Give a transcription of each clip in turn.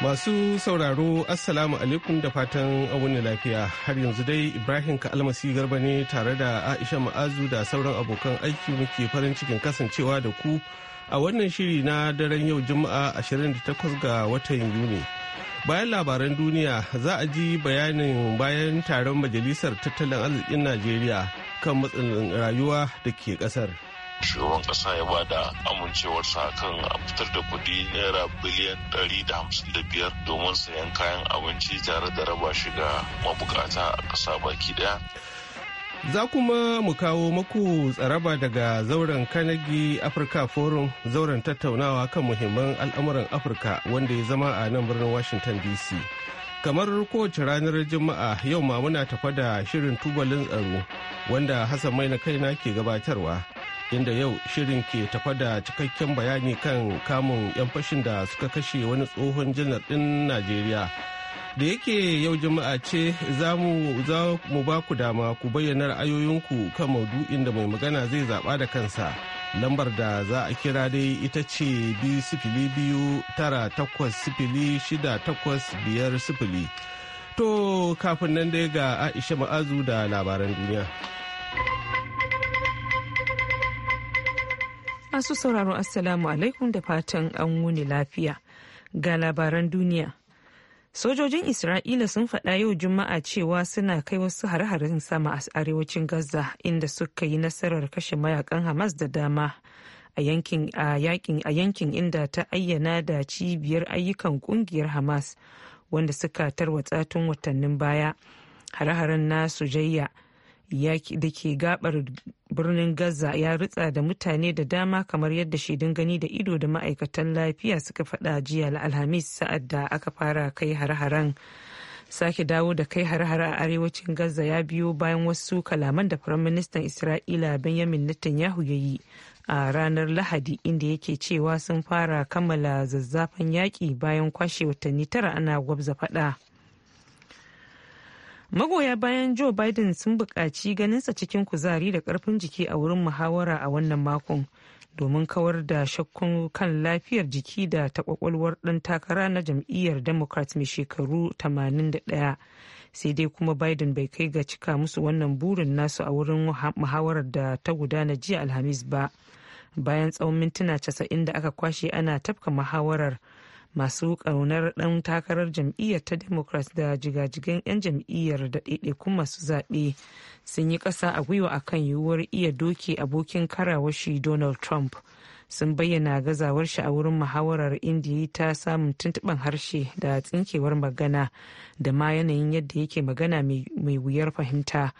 Masu sauraro Assalamu alaikum da fatan wani lafiya har yanzu dai Ibrahim ka almasi Garba ne tare da Aisha Ma'azu da sauran abokan aiki muke farin cikin kasancewa da ku a wannan shiri na daren yau Juma'a 28 ga watan Yuni. Bayan labaran duniya za a ji bayanin bayan taron Majalisar Tattalin Arzikin Najeriya kan matsin rayuwa da ke kasar. shugaban kasa ya bada amincewarsa kan a fitar da kuɗi naira biliyan ɗari da hamsin da biyar domin sayan kayan abinci tare da raba shi ga mabukata a ƙasa baki ɗaya. Za kuma mu kawo maku tsaraba daga zauren Carnegie afirka Forum zauren tattaunawa kan muhimman al'amuran Afirka wanda ya zama a nan birnin Washington DC. Kamar kowace ranar Juma'a yau ma muna tafa da shirin tubalin tsaro wanda Hassan Maina kaina ke gabatarwa. inda yau shirin ke tafa da cikakken bayani kan kamun 'yan fashin da suka kashe wani tsohon janar ɗin najeriya da yake yau jama'a ce za mu ba ku dama ku bayyana ra'ayoyinku kan maudu'in da mai magana zai zaɓa da kansa lambar da za a kira dai ita ce biyu tara sifili to kafin nan dai ga aisha ma'azu da labaran duniya Masu sauraro Assalamu alaikum da fatan an wuni lafiya. Ga labaran duniya. Sojojin Isra'ila sun faɗa yau Juma'a cewa suna kai wasu har-harin sama a arewacin Gaza inda suka yi nasarar kashe mayakan Hamas da dama. a yankin inda ta ayyana da cibiyar ayyukan ƙungiyar hamas wanda suka tarwatsa tun watannin baya Har-harin na sujayya da ke gabar birnin gaza ya ritsa da mutane da dama kamar yadda shaidun gani da ido da ma'aikatan lafiya suka faɗa jiya alhamis sa'ad da aka fara kai har-haren sake dawo da kai har-hare a arewacin gaza ya biyo bayan wasu kalaman da firaministan isra'ila benjamin netanyahu ya yi a ranar lahadi inda yake cewa sun fara kammala zazzafan yaƙi bayan kwashe watanni tara ana gwabza faɗa. magoya bayan joe biden sun buƙaci ganinsa cikin kuzari da ƙarfin jiki a wurin muhawara a wannan makon domin kawar da shakkun kan lafiyar jiki da ta ɗan takara na jam'iyyar democrat mai shekaru 81 sai dai kuma biden bai kai ga cika musu wannan burin nasu a wurin muhawarar da ta gudana jiya alhamis ba bayan tsawon mintuna 90 da aka kwashe ana tafka muhawarar masu ƙaunar ɗan takarar jam'iyyar ta democrat da jigajigan 'yan jam'iyyar da ɗaiɗaikun masu zaɓe sun yi ƙasa a gwiwa akan yiwuwar iya doke abokin karawar shi donald trump sun bayyana gazawar shi a wurin muhawarar indiya ta samun tuntuɓin harshe da tsinkewar magana da ma yanayin yadda yake magana mai wuyar fahimta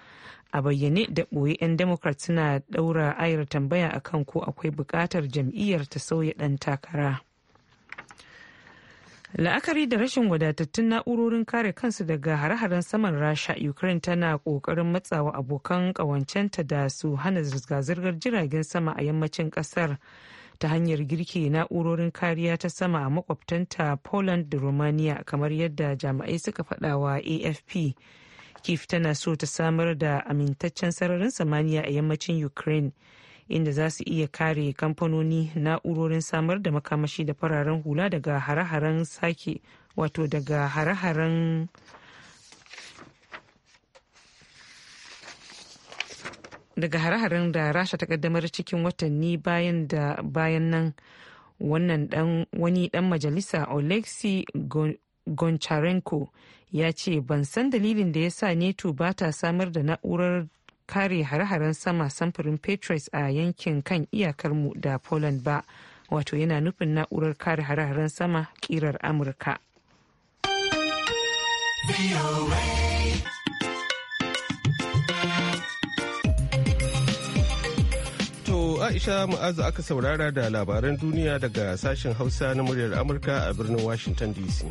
a bayyane da ɓoye 'yan democrat suna ɗaura ayar tambaya akan ko akwai buƙatar jam'iyyar ta sauya ɗan takara. la'akari da rashin wadatattun na'urorin kare kansu daga hare-haren saman rasha ukraine tana kokarin matsawa abokan ƙawancenta da su hana zirga-zirgar jiragen sama a yammacin kasar ta hanyar girki na'urorin kariya ta sama a makwabtanta poland da romania kamar yadda jami'ai suka faɗawa afp kif tana so ta samar da amintaccen sararin samaniya a yammacin ukraine inda za su iya kare kamfanoni na'urorin samar da makamashi da fararen hula daga hare-haren sake wato daga hare-haren daga hare-haren da rasha ta kaddamar cikin watanni bayan da bayan nan wannan dan wani dan majalisa oleksi goncharenko ya ce ban san dalilin da ya sa neto ba ta samar da na'urar kare hare-haren sama samfurin patriots a yankin kan iyakar mu da poland ba wato yana nufin na'urar kare hare-haren sama kirar amurka to aisha mu'azu aka saurara da labaran duniya daga sashen hausa na muryar amurka a birnin washington dc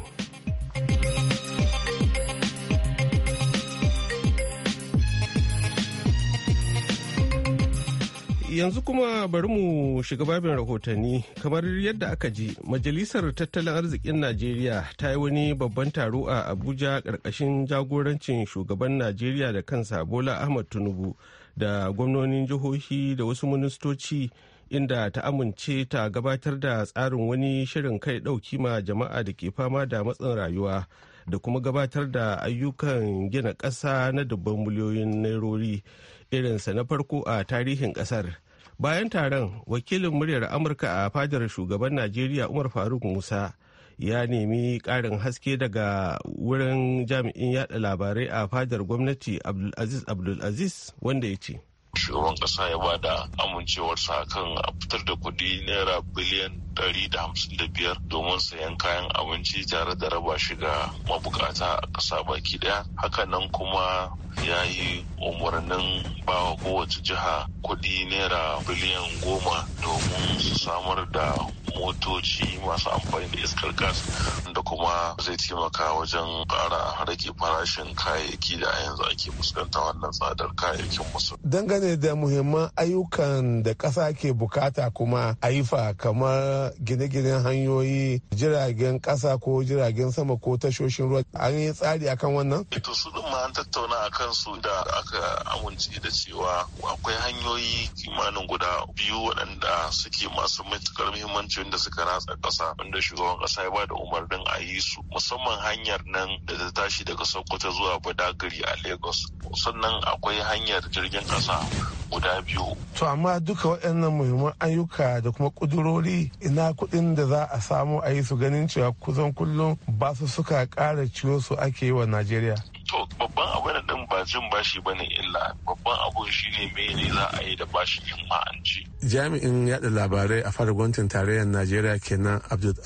yanzu kuma bari mu shiga babin rahotanni kamar yadda aka ji majalisar tattalin arzikin najeriya ta yi wani babban taro a abuja ƙarƙashin jagorancin shugaban najeriya da kansa bola ahmad tinubu da gwamnonin jihohi da wasu ministoci inda ta amince ta gabatar da tsarin wani shirin kai ɗauki ma jama'a da ke fama da matsin rayuwa da kuma gabatar da ayyukan gina ƙasa na dubban miliyoyin nairori irinsa na farko a tarihin kasar bayan taron wakilin muryar amurka a fadar shugaban najeriya umar faruk musa ya nemi ƙarin haske daga wurin jami'in yada labarai a fadar gwamnati abdulaziz abdulaziz wanda ya ce shugaban kasa ya ba da amincewarsa kan a fitar da kuɗi naira biliyan ɗari da hamsin da biyar domin sayan kayan abinci tare da raba shi ga mabukata a ƙasa baki ɗaya nan kuma ya yi umarnin wa kowace jiha kuɗi naira biliyan goma domin su samar da motoci masu amfani da iskar gas da kuma zai taimaka wajen Kara rage farashin kayayyaki da a yanzu ake fuskanta wannan tsadar kayayyakin musu. Dangane da muhimman ayyukan da ƙasa ke bukata kuma aifa kamar gine-ginen hanyoyi jiragen ƙasa ko jiragen sama ko tashoshin ruwa an yi tsari akan wannan? Ito eh, su ma an tattauna a kansu da aka amince da cewa akwai hanyoyi kimanin guda biyu waɗanda suke masu matukar muhimmanci wanda suka ratsa ƙasa wanda shugaban ƙasa ya bada umarnin a yi su musamman hanyar nan da ta tashi daga sokoto zuwa badagari a lagos sannan akwai hanyar jirgin ƙasa guda biyu. To amma duka waɗannan muhimman ayyuka da kuma ƙudurori ina kuɗin da za a samu a yi su ganin cewa kusan kullum ba su suka ƙara ciwo su ake yi wa Najeriya. To babban abin din ba jin bashi ba ne illa babban abu shine mene za a yi da bashi in ma Jami'in yada labarai a fara gwamnatin tarayyar Najeriya kenan Abdul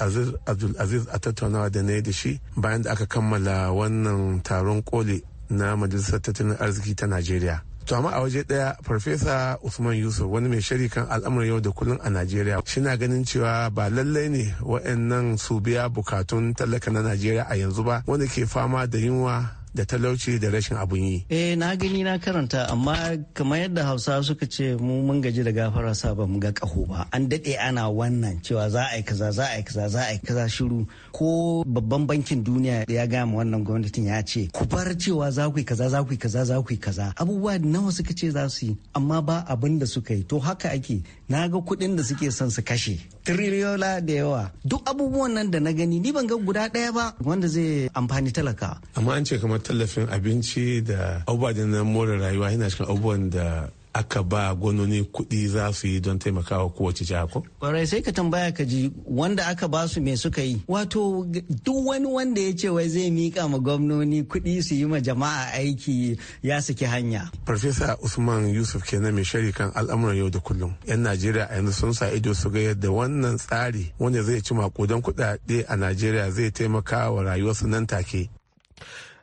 Aziz a tattaunawa da na yi da shi bayan da aka kammala wannan taron koli na majalisar tattalin arziki ta Najeriya. To amma a waje daya Farfesa Usman Yusuf wani mai shari kan al'amuran yau da kullum a Najeriya shina ganin cewa ba lallai ne wa'annan su biya bukatun talaka na Najeriya a yanzu ba wanda ke fama da yunwa da talauci da rashin abun yi. Eh na gani na karanta amma kamar yadda Hausa suka ce mu mun gaji da gafara sa ba mu ga kaho ba. An dade ana wannan cewa za a yi kaza za a yi kaza za a yi kaza shiru ko babban bankin duniya ya ga ma wannan gwamnatin ya ce ku bar cewa za ku yi kaza za ku yi kaza za ku yi kaza abubuwa nawa suka ce za su yi amma ba abin da suka yi to haka ake na ga kuɗin da suke son su kashe triliyola da yawa duk abubuwan nan da na gani ni ban ga guda ɗaya ba wanda zai amfani talaka. Amma an ce kamar tallafin abinci da abubuwa na more rayuwa yana cikin abubuwan da aka ba gononi kuɗi za su yi don taimakawa kowace jiha ko? Kwarai sai ka tambaya ka ji wanda aka ba su me suka yi. Wato duk wani wanda ya ce wai zai mika ma gwamnoni kuɗi su yi ma jama'a aiki ya saki hanya. Farfesa Usman Yusuf kenan mai shari kan al'amuran yau da kullum. 'Yan Najeriya a yanzu sun sa ido su ga yadda wannan tsari wanda zai ci makudan kuɗaɗe a Najeriya zai taimaka wa rayuwarsu nan take.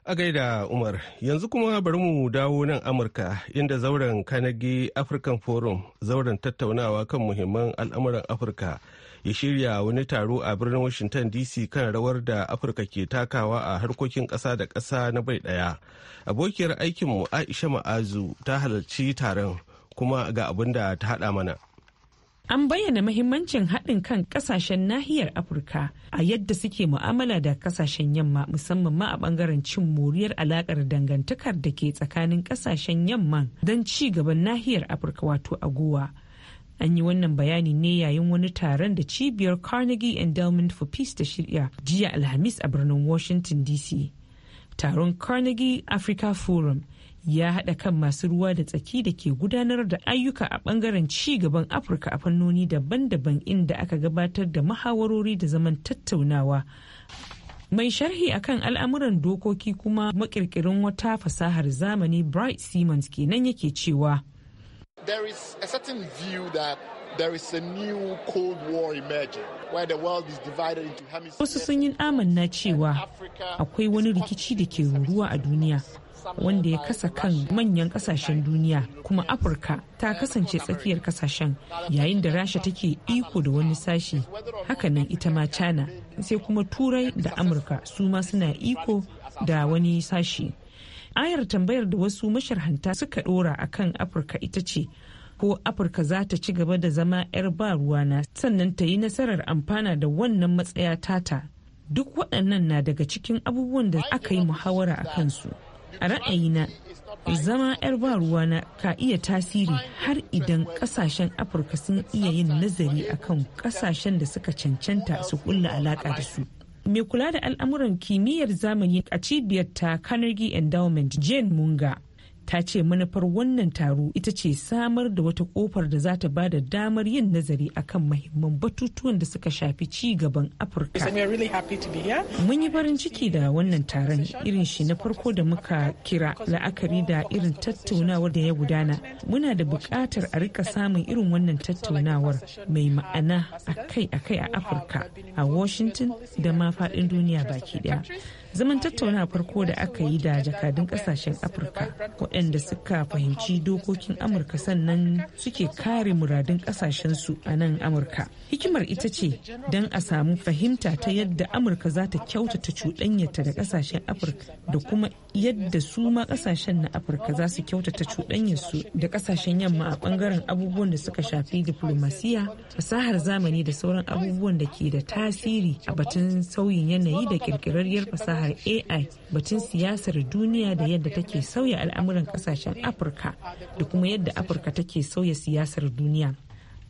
A gaida Umar, yanzu kuma bari mu dawo nan Amurka inda zauren kanagi African Forum zauren tattaunawa kan muhimman al'amuran Afirka ya shirya wani taro a birnin Washington DC kan rawar da Afirka ke takawa a harkokin ƙasa da ƙasa na bai ɗaya. Abokiyar aikinmu Aisha Ma'azu ta halarci taron kuma ga abin da ta haɗa mana. An bayyana mahimmancin haɗin kan ƙasashen nahiyar Afirka a yadda suke mu'amala da ƙasashen yamma musamman ma a ɓangaren cin moriyar alaƙar dangantakar da ke tsakanin ƙasashen yamman don ci gaban nahiyar Afirka wato agowa. An yi wannan bayani ne yayin wani taron da cibiyar Carnegie Endowment for Peace da shirya jiya Alhamis a birnin Washington DC. Taron Carnegie Africa Forum ya haɗa kan masu ruwa da tsaki da ke gudanar da ayyuka a ɓangaren ci gaban afirka a fannoni daban-daban inda aka gabatar da mahawarori da zaman tattaunawa mai sharhi akan al'amuran dokoki kuma makirkirin wata fasahar zamani bright siemens kenan yake cewa there is a certain view that there is a new wasu sun yi amanna cewa akwai wani rikici da ke ruwa a duniya wanda ya kasa kan manyan kasashen duniya kuma afirka ta kasance tsakiyar kasashen yayin da rasha take iko da wani sashi hakanan ita ma china sai kuma turai da amurka su ma suna iko da wani sashi ayar tambayar da wasu masharhanta suka dora kan afirka ita ce ko afirka za ta ci gaba da zama 'yar ba ruwana sannan ta yi nasarar amfana da wannan matsaya tata duk waɗannan na daga cikin abubuwan da aka yi muhawara a kansu. a ra'ayina zama 'yar ba ruwana ka iya tasiri har idan kasashen afirka sun iya yin nazari akan kasashen da suka cancanta su kulla alaka da su mai kula da al'amuran kimiyyar zamani a cibiyar ta carnegie endowment jane munga ta ce manufar wannan taro ita ce samar da wata kofar da za ta ba da damar yin nazari akan mahimman batutuwan da suka shafi ci gaban afirka mun yi farin ciki da wannan taron irin shi na farko da muka kira la'akari da irin tattaunawar da ya gudana muna da buƙatar a rika samun irin wannan tattaunawar mai ma'ana akai-akai a afirka a washington da ma faɗin duniya baki ɗaya zaman tattauna farko da aka yi da jakadun kasashen afirka waɗanda suka fahimci dokokin amurka sannan suke kare muradun kasashensu a nan amurka hikimar ita ce don a samu fahimta ta yadda amurka za ta kyautata cuɗanyarta da kasashen afirka da kuma yadda su ma kasashen na afirka za su kyautata cuɗanyarsu da kasashen yamma a ɓangaren abubuwan da suka shafi diplomasiya fasahar zamani da sauran abubuwan da ke da tasiri a batun sauyin yanayi da ƙirƙirarriyar fasaha. fasahar ai batun siyasar duniya da yadda take sauya al'amuran kasashen afirka da kuma yadda afirka take sauya siyasar duniya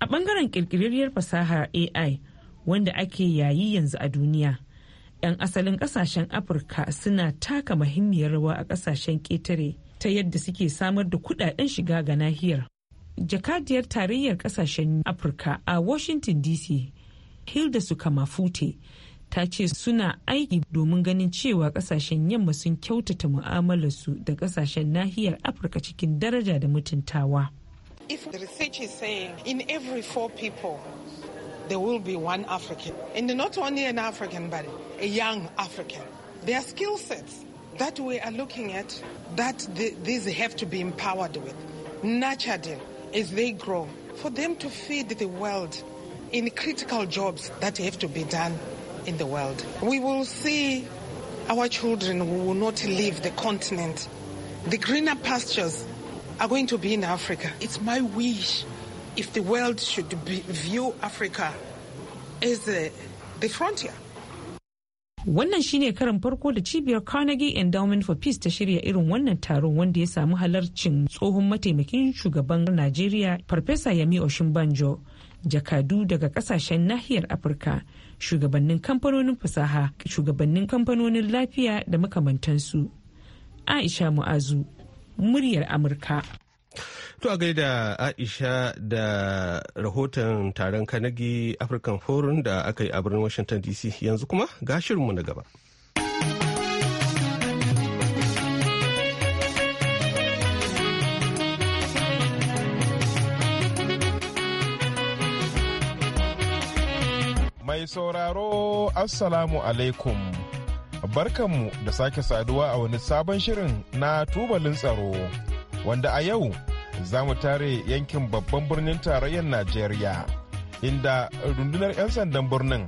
a bangaren kirkiriyar fasahar ai wanda ake yayi yanzu a duniya 'yan asalin kasashen afirka suna taka muhimmiyar rawa a kasashen ƙetare ta yadda suke samar da kudaden shiga ga nahiyar jakadiyar tarayyar kasashen afirka a washington dc hilda sukamafute ta ce suna aiki domin ganin cewa kasashen yamma sun kyautata mu'amalarsu da kasashen nahiyar afirka cikin daraja da mutuntawa if the research is saying in every four people there will be one african and not only an african but a young african their skill sets that we are looking at that the, these have to be empowered with nurtured as they grow for them to feed the world in critical jobs that have to be done in the world. We will see our children who will not leave the continent. The greener pastures are going to be in Africa. It's my wish if the world should be, view Africa as the, uh, the frontier. Wannan shine karin farko da cibiyar Carnegie Endowment for Peace ta shirya irin wannan taron wanda ya samu halarcin tsohon mataimakin shugaban Najeriya Farfesa Yami Oshinbanjo, jakadu daga kasashen nahiyar Afirka shugabannin kamfanonin fasaha shugabannin kamfanonin lafiya da makamantansu aisha mu'azu muryar amurka To a gaida Aisha da rahoton taron kanagi African Forum da aka yi a birnin Washington DC yanzu kuma ga shirinmu na gaba. sauraro Assalamu alaikum. Barkanmu da sake saduwa a wani sabon shirin na tubalin tsaro wanda a yau za mu tare yankin babban birnin tarayyar Najeriya inda rundunar 'yan sandan birnin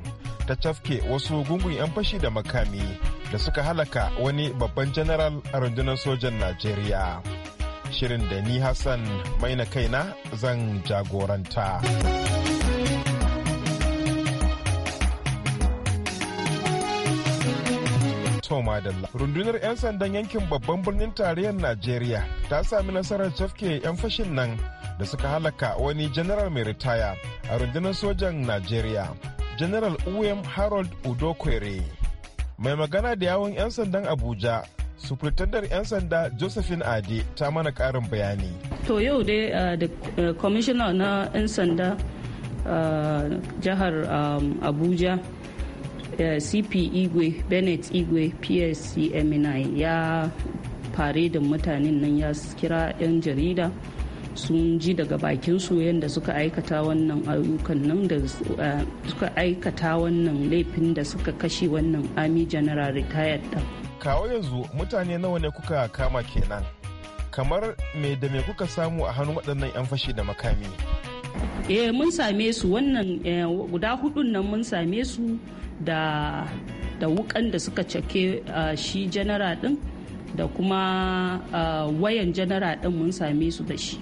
ta cafke wasu gungun 'yan fashi da makami da suka halaka wani babban janaral a rundunar sojan Najeriya. Shirin da ni Hassan maina kaina zan jagoranta. Rundunar 'yan sandan yankin babban birnin tarayyar Najeriya ta sami nasarar cafke 'yan fashin nan da suka halaka wani general mai ritaya a rundunar sojan Najeriya. General Uwem Harold Udokwere. Mai magana da yawon 'yan sandan Abuja sufurtandar 'yan sanda josephine ade ta mana karin bayani to yau dai da uh, uh, commissioner na 'yan sanda uh, jihar um, abuja da eh, cp igwe bennett igwe psc emini ya fare da mutanen nan ya kira 'yan jarida sun ji daga bakin su yadda suka aikata wannan ayyukan nan da eh, suka aikata wannan laifin da suka kashe wannan army general retired din kawo yanzu mutane nawa ne kuka kama kenan kamar me da me kuka samu a hannun waɗannan 'yan fashi da makami eh mun same su wannan eh, guda hudun nan mun same su da da wukan da suka cake shi janara din da kuma wayan janara din mun same su da shi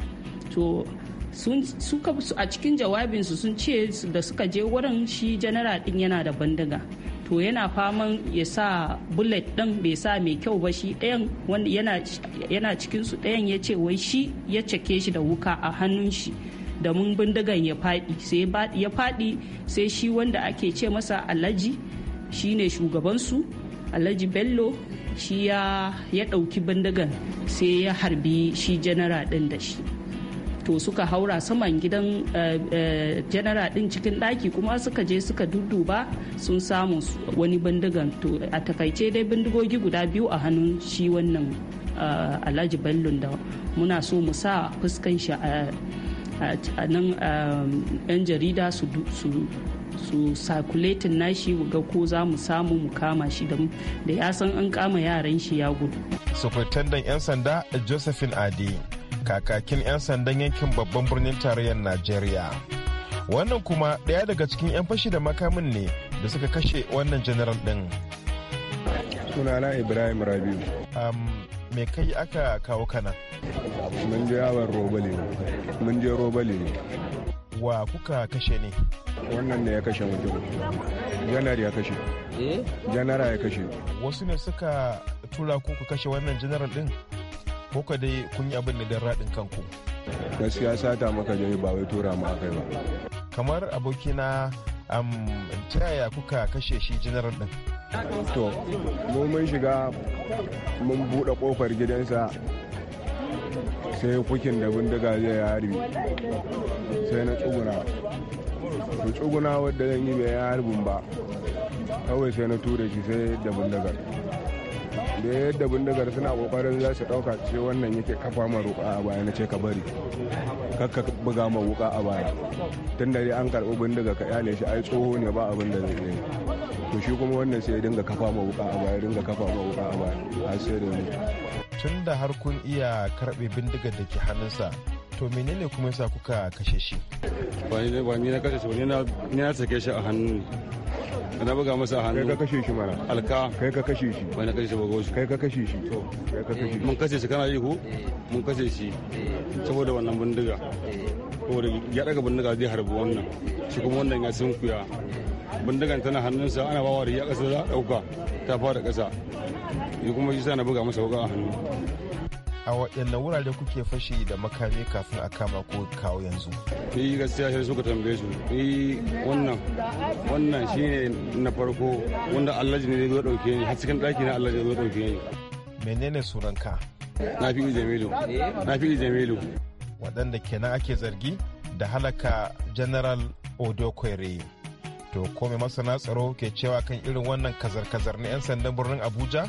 to suka a cikin jawabinsu sun ce da suka je wurin shi janara din yana da bandiga to yana faman ya sa bullet din bai sa mai kyau ba shi ɗayan yana cikin su ɗayan ya ce wai shi ya cake shi da wuka a hannun shi mun bindigan ya faɗi sai ya faɗi sai shi wanda ake ce masa alhaji shine shugabansu alhaji bello shi ya ɗauki bindigan sai ya harbi shi janara din da shi to suka haura saman gidan janara eh, eh, din cikin ɗaki kuma suka je suka dudduba sun samu wani bindigan to a takaice dai bindigogi guda biyu a hannun shi wannan eh, alhaji bello da muna so mu sa fuskan shi a a nan yan jarida su sakuletin nashi ga ko za mu samu mu kama shi da ya san an kama yaran shi ya gudu. Sufurtandan 'yan sanda Josephine Adi, kakakin 'yan sandan yankin babban birnin tarayyar Najeriya. Wannan kuma ɗaya daga cikin 'yan fashi da makamin ne da suka kashe wannan janaral ɗin. Sunana Ibrahim Rabiu. me kai aka kawo kana mun je yawon robali mun je robali ne wa kuka kashe ne wannan ne ya kashe mutum janar ya kashe eh? janara ya kashe wasu ne suka tura ku ku kashe wannan janaral din ko ka dai kun yi abin da dan raɗin kanku gaskiya sata maka jami ba wai tura mu akai ba kamar abokina ta yaya kuka kashe shi janaral din to mu mun shiga mun buɗe ƙofar gidansa sai kukin da bindiga zai harbi sai na tsuguna tsuguna wadda zan yi bai harbin ba kawai sai na tura shi sai da bindigar da yadda bindigar suna kokarin za su dauka ce wannan yake kafa ma ruka a baya na ce ka bari kakka buga ma wuka a baya tun da an karbi bindiga ka yale shi ai tsoho ne ba abin da zai yi to shi kuma wannan sai ya dinga kafa ma wuka a baya dinga kafa ma wuka a baya a sai da ni. tun da har kun iya karbe bindigar da ke hannunsa to menene kuma yasa kuka kashe shi ba ni na kashe shi ba ni na sake shi a hannu na buga masa hannu kai ka kashe shi mana alka kai ka kashe shi bai kashe ba gosu kai ka kashe shi to kai ka kashe shi mun kashe shi kana yi ko eh. mun kashe shi eh. saboda wannan bindiga eh. saboda ya daga bindiga zai harbi wannan shi kuma wannan ya sunkuya bindigan tana hannunsa ana bawa da ya kasa za a dauka ta fara kasa shi kuma shi sa na buga masa wuka a hannu a waɗanne wurare kuke fashi da makami kafin a kama ko kawo yanzu ni gaskiya shi suka tambaye su ni wannan wannan shine na farko wanda Allah ne zai dauke ni har cikin daki na Allah zai dauke ni menene sunanka nafi'u jamilu nafi'u jamilu waɗanda kenan ake zargi da halaka general odokwere to kome masana tsaro ke cewa kan irin wannan kazar-kazar na 'yan sandan birnin abuja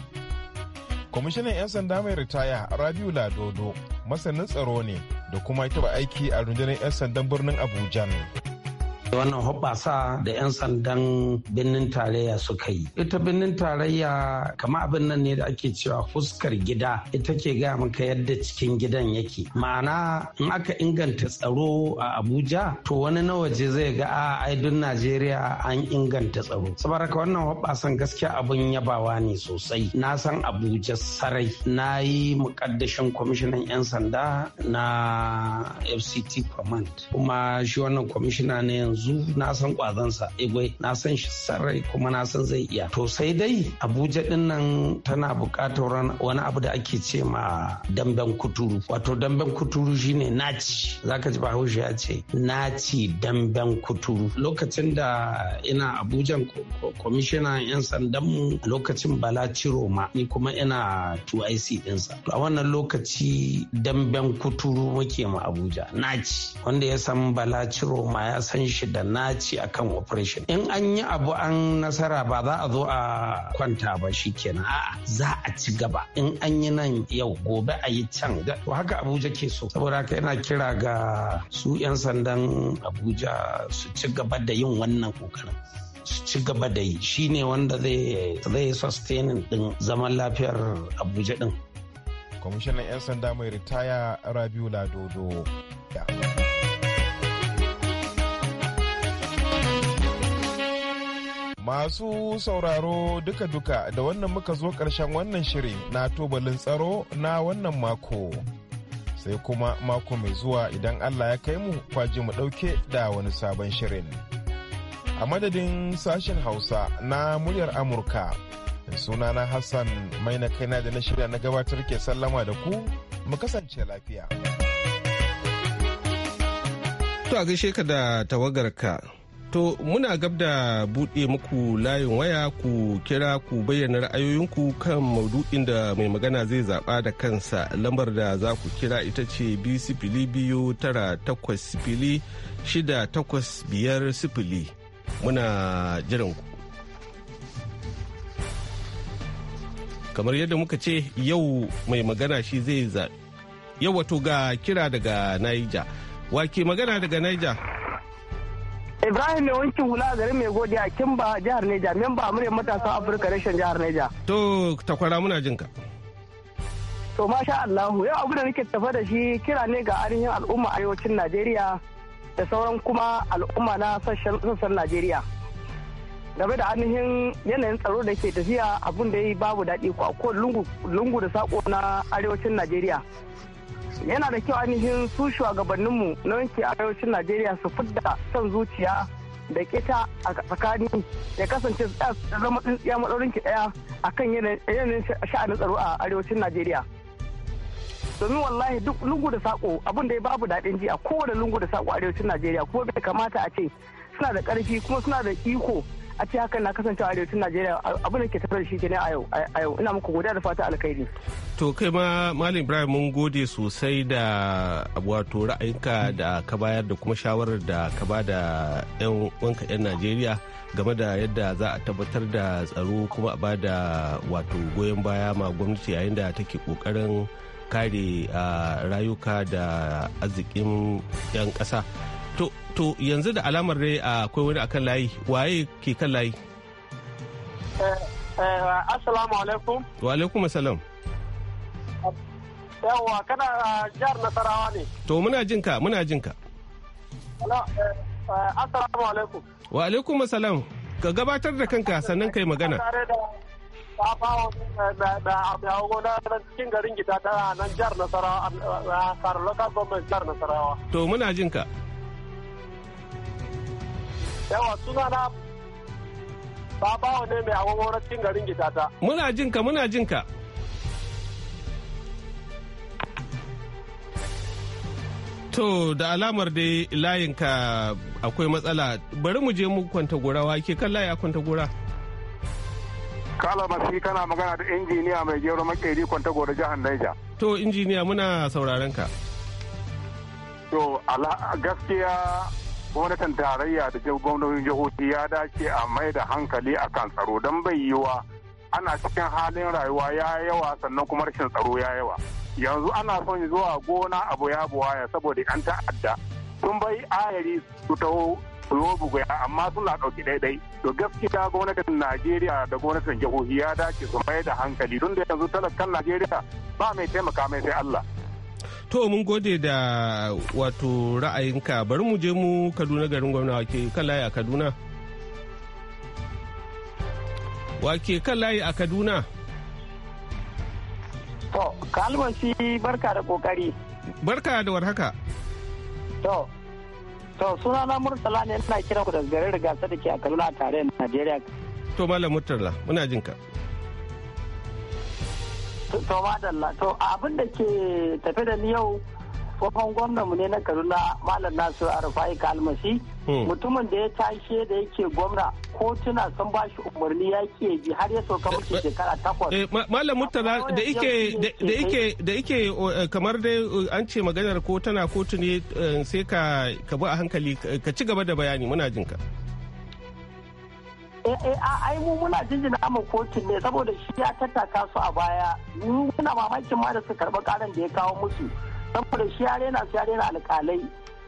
kwamishinan 'yan sanda mai ritaya rabiu ladodo masanin tsaro ne da kuma ya taba aiki a rundunar 'yan sandan birnin abuja ne. wannan hoɓasa da 'yan sandan birnin tarayya suka yi ita birnin tarayya kama abin nan ne da ake cewa fuskar gida ita ke gaya maka yadda cikin gidan yake ma'ana in aka inganta tsaro a abuja to wani na waje zai ga a aidun najeriya an inganta tsaro saboda wannan hoɓasan gaskiya abin yabawa ne sosai na san abuja sarai na yi mukaddashin kwamishinan 'yan sanda na fct command kuma shi wannan kwamishina ne yanzu yanzu na san kwazansa eh, igwe na san shi sarai kuma na san zai iya to sai dai abuja din nan tana bukatar wani abu da ake ce ma damben kuturu wato damben kuturu shine naci zaka ji bahaushe ya ce naci damben kuturu lokacin da ina abuja kwamishinan yan sandan mu. lokacin bala Ciro ma. ni kuma ina 2ic dinsa a wannan lokaci damben kuturu muke ma abuja naci wanda ya san bala Ciro ma ya san shi da naci kan operation in an yi abu an nasara ba za a zo a kwanta ba shi shikenan a'a za a ci gaba in an yi nan yau gobe a yi can to haka abuja ke so saboda haka yana kira ga su 'yan sandan abuja su ci gaba da yin wannan kokarin su ci gaba da yi shine wanda zai sustain din zaman lafiyar abuja din kwamishinan 'yan sanda mai ritaya rabiu ladodo Masu sauraro duka-duka da wannan muka zo ƙarshen wannan shiri na tubalin tsaro na wannan mako. Sai kuma mako mai zuwa idan Allah ya kai mu kwaji mu dauke da wani sabon shirin. A madadin sashen Hausa na muryar Amurka, suna na Hassan mai na kaina da na shirya na gabatar ke sallama da ku, mu kasance lafiya. To a gaishe ka da tawagarka. To muna gab da buɗe muku layin waya ku kira ku bayyana ra'ayoyinku kan maudu'in da mai magana zai zaɓa da kansa lambar da za ku kira ita ce biyu sifili biyu tara takwas sifili shida takwas biyar sifili muna jiranku. Kamar yadda muka ce yau mai magana shi zai zaɓi. Yau wato ga kira daga Naija. Wake magana daga Naija? Ibrahim mai wankin hula a garin mai gode a Kimba jihar Neja, memba amuriyar matasan Afirka rashin jihar Neja. To, takwara muna jinka. To, masha Allahu, yau abu da nake tafa da shi kira ne ga ainihin al'umma arewacin Najeriya da sauran kuma al'umma na sassan Najeriya. Game da ainihin yanayin tsaro da ke tafiya abun da ya yi babu daɗi ko a lungu da saƙo na arewacin Najeriya. yana da kyau ainihin su shugabanninmu na yanki arewacin najeriya su fidda son zuciya da kita a tsakani ya kasance zama tsintsiya maɗaurin ki a kan yanayin sha'anin tsaro a arewacin najeriya domin wallahi duk lungu da sako abin da ya babu daɗin ji a kowane lungu da sako arewacin najeriya kuma bai kamata a ce suna da ƙarfi kuma suna da iko a ce hakan na kasance a arewacin najeriya abin da ke tafiya da shi kenan a yau a yau ina muku godiya da fata alkhairi to kai ma malam ibrahim mun gode sosai da wato ra'ayinka da ka bayar da kuma shawarar da ka ba da yan wanka yan najeriya game da yadda za a tabbatar da tsaro kuma a ba da wato goyon baya ma gwamnati yayin da take kokarin kare rayuka da arzikin 'yan kasa. to yanzu da alamar dai akwai wani akan layi waye ke kan layi eh, eh, assalamu alaikum wa alaikum assalam yawwa kana ah, jihar nasarawa ne to muna jin ka muna jin ka eh, assalamu alaikum wa alaikum assalam ka gabatar da kanka sannan kai magana da a cikin garin gida. nan jihar jihar Nasarawa. Nasarawa. To muna jin ka. Yawa suna na babawa ne mai garin gidata. Muna jinka muna jinka. To da alamar dai layinka akwai matsala bari mu je mu kwanta wa ke kan laya kwanta gora. Kala Masi kana magana da injiniya mai gero makeri kwanta gora jihar Naija. To injiniya muna sauraron ka. To gaskiya gwamnatin tarayya da gwamnatin jihohi ya dace a mai da hankali a kan tsaro don bai yi wa ana cikin halin rayuwa ya yawa sannan kuma rashin tsaro ya yawa yanzu ana son zuwa gona abu ya buwaya saboda yan ta'adda sun bai ayari su taho su yi amma suna ɗauki ɗaiɗai to gaskiya gwamnatin najeriya da gwamnatin jihohi ya dace su mai da hankali tun da yanzu talakan najeriya ba mai taimaka mai sai allah To mun gode da wato ra'ayinka bari mu je mu Kaduna garin gwamna wake kan layi a Kaduna. Wake kan layi a Kaduna. To, kalmashi barka da kokari. Barka da warhaka. To, to sunana Murtala ne ina kiran ku gari garin rigasa da ke a Kaduna tare da Najeriya. To Malam Murtala muna jinka. ka. To madalla to abin da ke tafe da ni yau tsohon gwamnanmu ne na Kaduna Malam Nasiru arfa'i Kalmasi hmm. mutumin da ya tashe da yake gwamna kotuna sun ba shi umarni ya ke ji har ya soka eh, muke shekara takwas. Eh, Malam Murtala da ike da ike da eh, kamar dai an ce maganar ko tana kotu ne sai ka ka bi a hankali ka ci gaba da bayani muna jinka. ka. eh, eh ai mu muna jinjina ma kotun ne saboda shi ya tattaka su a baya mu muna mamakin ma da su karɓi karan da ya kawo musu saboda shi ya rena su ya rena alƙalai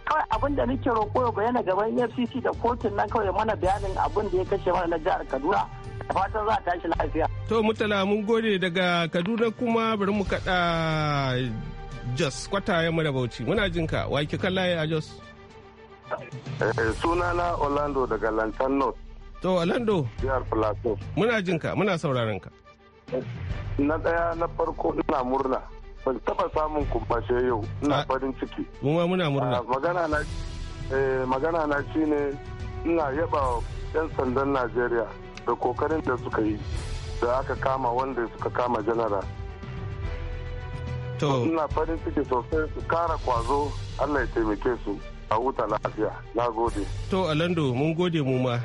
kawai abin da nake roƙo ya bayyana gaban FCC da kotun nan kawai mana bayanin abin da ya kashe mana na jihar Kaduna da fatan za a tashi lafiya. To mutala mun gode daga Kaduna kuma bari mu kaɗa Jos kwata ya mana Bauchi muna jin ka wa kan laye a Jos. Eh, sunana Orlando daga Lantan North. To Alando. Jihar Muna jin ka, muna sauraron ka. Na ɗaya na farko ina murna. Ban taɓa samun kumfashe yau, ina ah. farin ciki. Muma muna murna. Ah, magana na eh, magana na shine ina yaba 'yan sandan Najeriya da kokarin da suka yi da aka kama wanda suka kama janara. To. Ina farin ciki sosai su kara kwazo Allah ya taimake su. a huta lafiya na gode to alando mun gode mu ma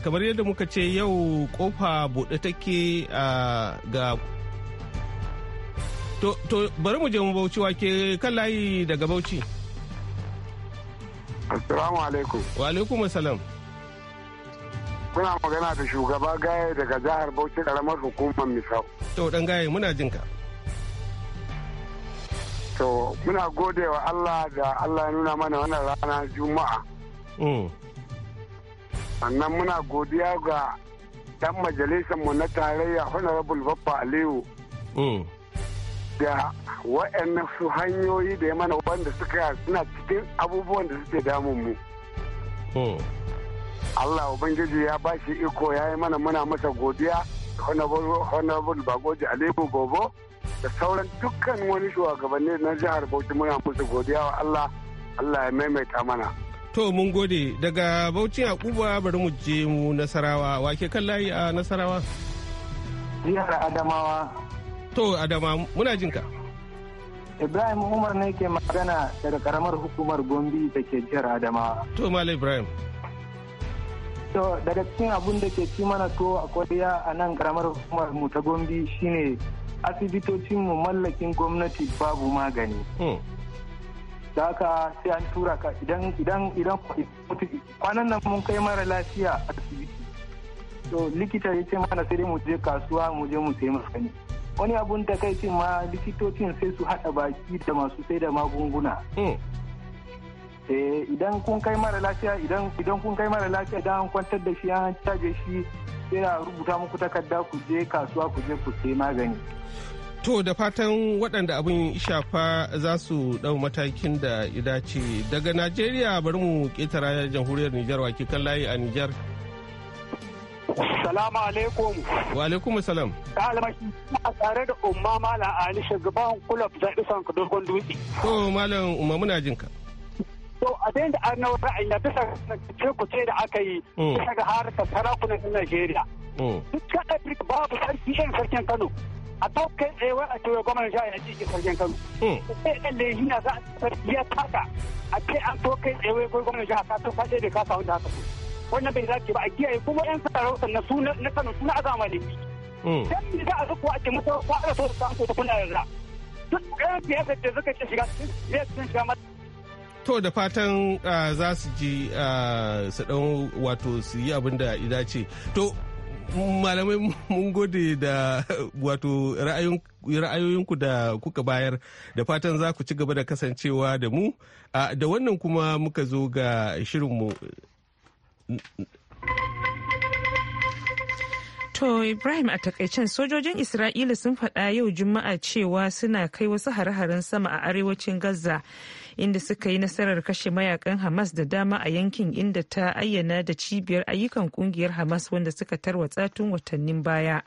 kamar yadda muka ce yau kofa buɗe take ga to bari mu je mu bauchi wake kan layi daga bauchi assalamu alaikum wa alaikum assalam muna magana da shugaba gaye daga jihar bauchi karamar hukumar misau to dan gaye muna jinka To muna gode wa Allah da Allah ya nuna mana wannan rana Juma'a. Mm. Sannan muna godiya ga ɗan majalisanmu na tarayya Honorable Baffa Aliyu. Mm. Da su hanyoyi da ya mana wanda suka suna cikin abubuwan da suke damun mu. Mm. Allah Ubangiji ya ba shi iko ya yi mana muna masa godiya Honorable Bagoji Aliyu Gobo. da sauran dukkan wani shugabanni na jihar Bauchi muna musu godiya wa Allah Allah ya maimaita mana. To mun gode daga Bauchi Yakuba bari mu je mu Nasarawa wake kan layi a Nasarawa. Jihar Adamawa. To Adama muna jin ka. Ibrahim Umar ne ke magana daga karamar hukumar Gombe da ke jihar Adamawa. To Malam Ibrahim. To daga cikin abun da ke ci mana to a kwariya a nan karamar hukumar mu ta Gombe shine asibitocin mu mallakin gwamnati babu magani hmm. da haka sai an tura ka idan idan idan kwanan nan mun kai mara lafiya asibiti to likita ya ce mana sai mu je kasuwa mu je mu sayi magani wani abun da kai ma likitocin sai su hada baki da masu sai da magunguna hmm. eh, idan kun kai mara lafiya idan kun kai mara lafiya an kwantar da shi an caje shi yana rubuta muku takarda ku je kasuwa ku je ku sai magani to da fatan waɗanda abin shafa za su ɗau matakin da ya dace daga najeriya bari mu ƙetara jamhuriyar nijar wa kan layi a nijar salamu alaikum wa alaikum salam ta almashi a tare da umma malam ali shugaban kulab zaɓi sanka dogon dutse to malam umma muna jinka to abin da an nawa ra'ayi na bisa ce ku ce da aka yi mm. bisa ga harkar sarakunan na Najeriya. Mm. Duka Afirka babu sarki yan sarkin Kano. A to kai tsaye wai a cewa gwamnan jihar ya cike sarkin Kano. Sai mm. ɗan da yi na za a sarki ya taka a ce an to kai tsaye wai gwamnan jihar ka to ka ce da ka samu da haka. Wannan bai zaki ba a kiyaye kuma yan sarautar na suna na Kano suna a zamani. Dan me za a zuwa a ce mutuwa ko a ana so su samu ko ta kuna yanzu. Duk ɗan siyasar da suka ce shiga cikin shiga mata. to da fatan ah, za su ji ah, su dan wato su yi abin da ya ce to malamai mun gode da wato ra'ayoyinku da kuka bayar da fatan za ku ci gaba da kasancewa da mu ah, da wannan kuma muka zo ga shirinmu To Ibrahim a takaicen sojojin Isra'ila sun faɗa yau Juma'a cewa suna kai wasu hare-haren sama a arewacin Gaza inda suka yi nasarar kashe mayakan hamas da dama a yankin inda ta ayyana da cibiyar ayyukan kungiyar hamas wanda suka tarwatsa tun watannin baya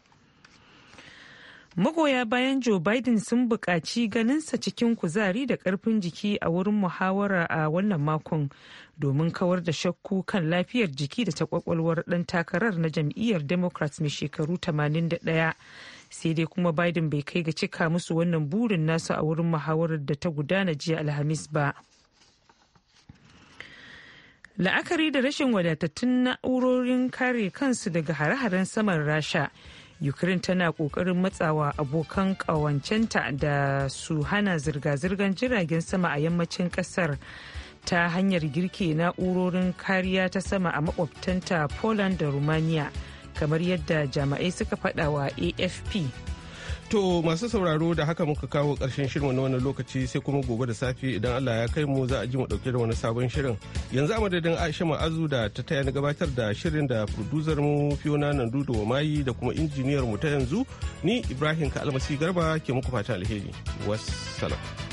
magoya bayan joe biden sun buƙaci ganinsa cikin kuzari da ƙarfin jiki a wurin muhawara a wannan makon domin kawar da shakku kan lafiyar jiki da ta kwakwalwar ɗan takarar na jam'iyyar democrats mai shekaru 81 sai dai kuma biden bai kai ga cika musu wannan burin nasu a wurin muhawarar da ta gudana jiya alhamis ba la'akari da rashin wadatattun na'urorin kare kansu daga hare-haren saman rasha ukraine tana kokarin matsawa abokan kawancenta da su hana zirga-zirgar jiragen sama a yammacin kasar ta hanyar girke na'urorin kariya ta sama a makwabtanta poland da romania kamar yadda jami'ai suka faɗa wa afp To masu sauraro da haka muka kawo ƙarshen shirin na wannan lokaci sai kuma gobe da safe idan Allah ya kai mu za a ji mu ɗauke da wani sabon shirin. Yanzu a madadin Aisha Ma'azu da ta taya na gabatar da shirin da producer mu Fiona nandu wa wamayi da kuma injiniyar mu ta yanzu ni Ibrahim Ka Almasi Garba ke muku fatan alheri. Wassalam.